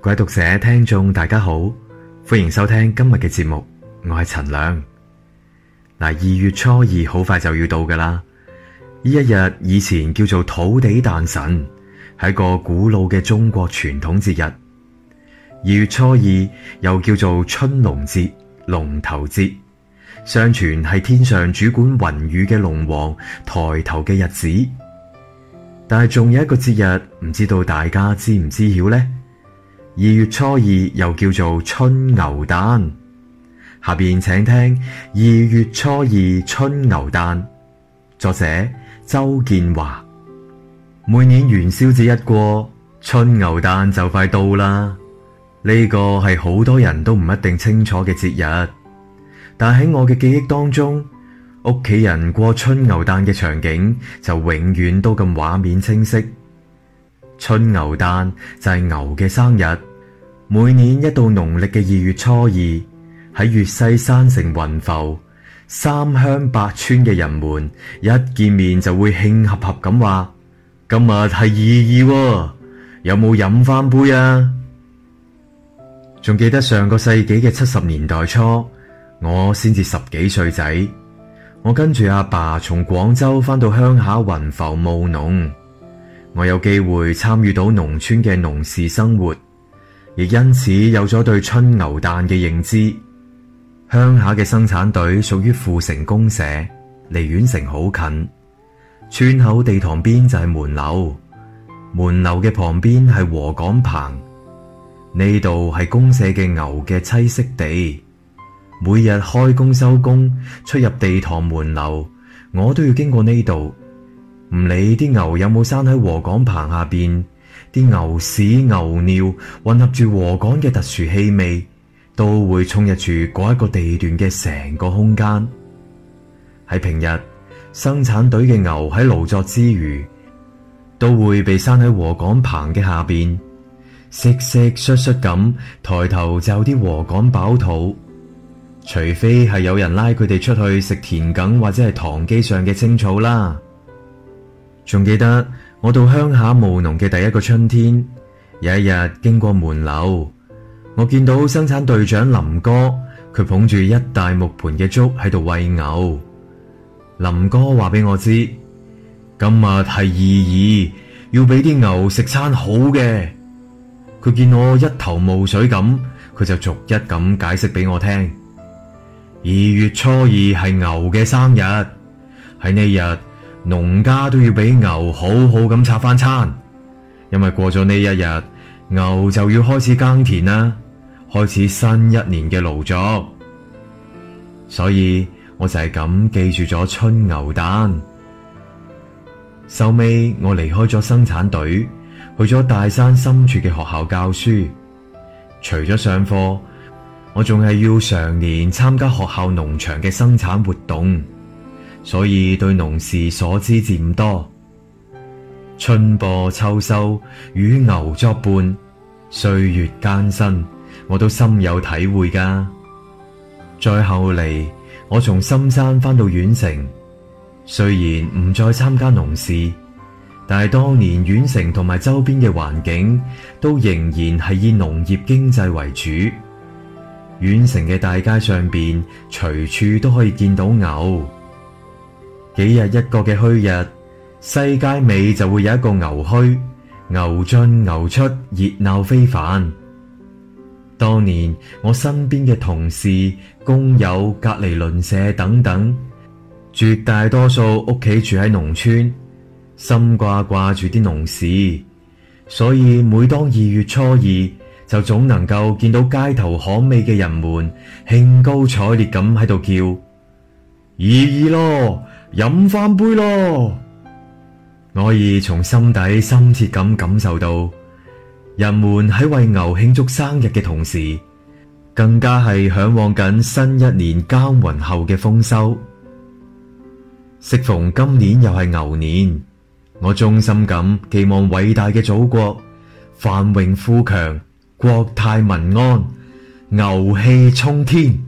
各位讀者、聽眾，大家好，歡迎收聽今日嘅節目。我係陳亮嗱，二月初二好快就要到噶啦。呢一日以前叫做土地誕辰，係一個古老嘅中國傳統節日。二月初二又叫做春龍節、龍頭節，相傳係天上主管雲雨嘅龍王抬頭嘅日子。但係仲有一個節日，唔知道大家知唔知曉呢？二月初二又叫做春牛誕，下面請聽二月初二春牛誕，作者周建華。每年元宵節一過，春牛誕就快到啦。呢個係好多人都唔一定清楚嘅節日，但喺我嘅記憶當中，屋企人過春牛誕嘅場景就永遠都咁畫面清晰。春牛誕就係牛嘅生日。每年一到農曆嘅二月初二，喺粵西山城雲浮，三鄉八村嘅人們一見面就會慶合合咁話：今日係二二，有冇飲返杯啊？仲記得上個世紀嘅七十年代初，我先至十幾歲仔，我跟住阿爸從廣州返到鄉下雲浮務農，我有機會參與到農村嘅農事生活。亦因此有咗對春牛誕嘅認知。鄉下嘅生產隊屬於附城公社，離縣城好近。村口地堂邊就係門樓，門樓嘅旁邊係禾稈棚，呢度係公社嘅牛嘅棲息地。每日開工收工出入地堂門樓，我都要經過呢度，唔理啲牛有冇拴喺禾稈棚下邊。啲牛屎牛尿混合住禾稈嘅特殊氣味，都會衝入住嗰一個地段嘅成個空間。喺平日，生產隊嘅牛喺勞作之餘，都會被閂喺禾稈棚嘅下邊，窸窸窣窣咁，抬頭就有啲禾稈飽肚。除非係有人拉佢哋出去食田埂或者係塘基上嘅青草啦。仲記得。我到鄉下務農嘅第一個春天，有一日經過門樓，我見到生產隊長林哥，佢捧住一大木盆嘅粥喺度餵牛。林哥話俾我知，今日係二二，要俾啲牛食餐好嘅。佢見我一頭霧水咁，佢就逐一咁解釋俾我聽。二月初二係牛嘅生日，喺呢日。農家都要俾牛好好咁拆翻餐，因為過咗呢一日，牛就要開始耕田啦，開始新一年嘅勞作。所以我就係咁記住咗春牛誕。後尾我離開咗生產隊，去咗大山深處嘅學校教書。除咗上課，我仲係要常年參加學校農場嘅生產活動。所以對農事所知漸多，春播秋收與牛作伴，歲月艱辛，我都深有體會噶。再後嚟，我從深山翻到縣城，雖然唔再參加農事，但係當年縣城同埋周邊嘅環境都仍然係以農業經濟為主。縣城嘅大街上邊，隨處都可以見到牛。幾日一個嘅墟日，西街尾就會有一個牛墟，牛進牛出，熱鬧非凡。當年我身邊嘅同事、工友、隔籬鄰舍等等，絕大多數屋企住喺農村，心掛掛住啲農事，所以每當二月初二，就總能夠見到街頭巷尾嘅人們興高采烈咁喺度叫，二二咯。飲返杯咯！我可以從心底深切咁感受到，人們喺為牛慶祝生日嘅同時，更加係向往緊新一年耕耘後嘅豐收。適逢今年又係牛年，我衷心咁期望偉大嘅祖國繁榮富強、國泰民安、牛氣沖天。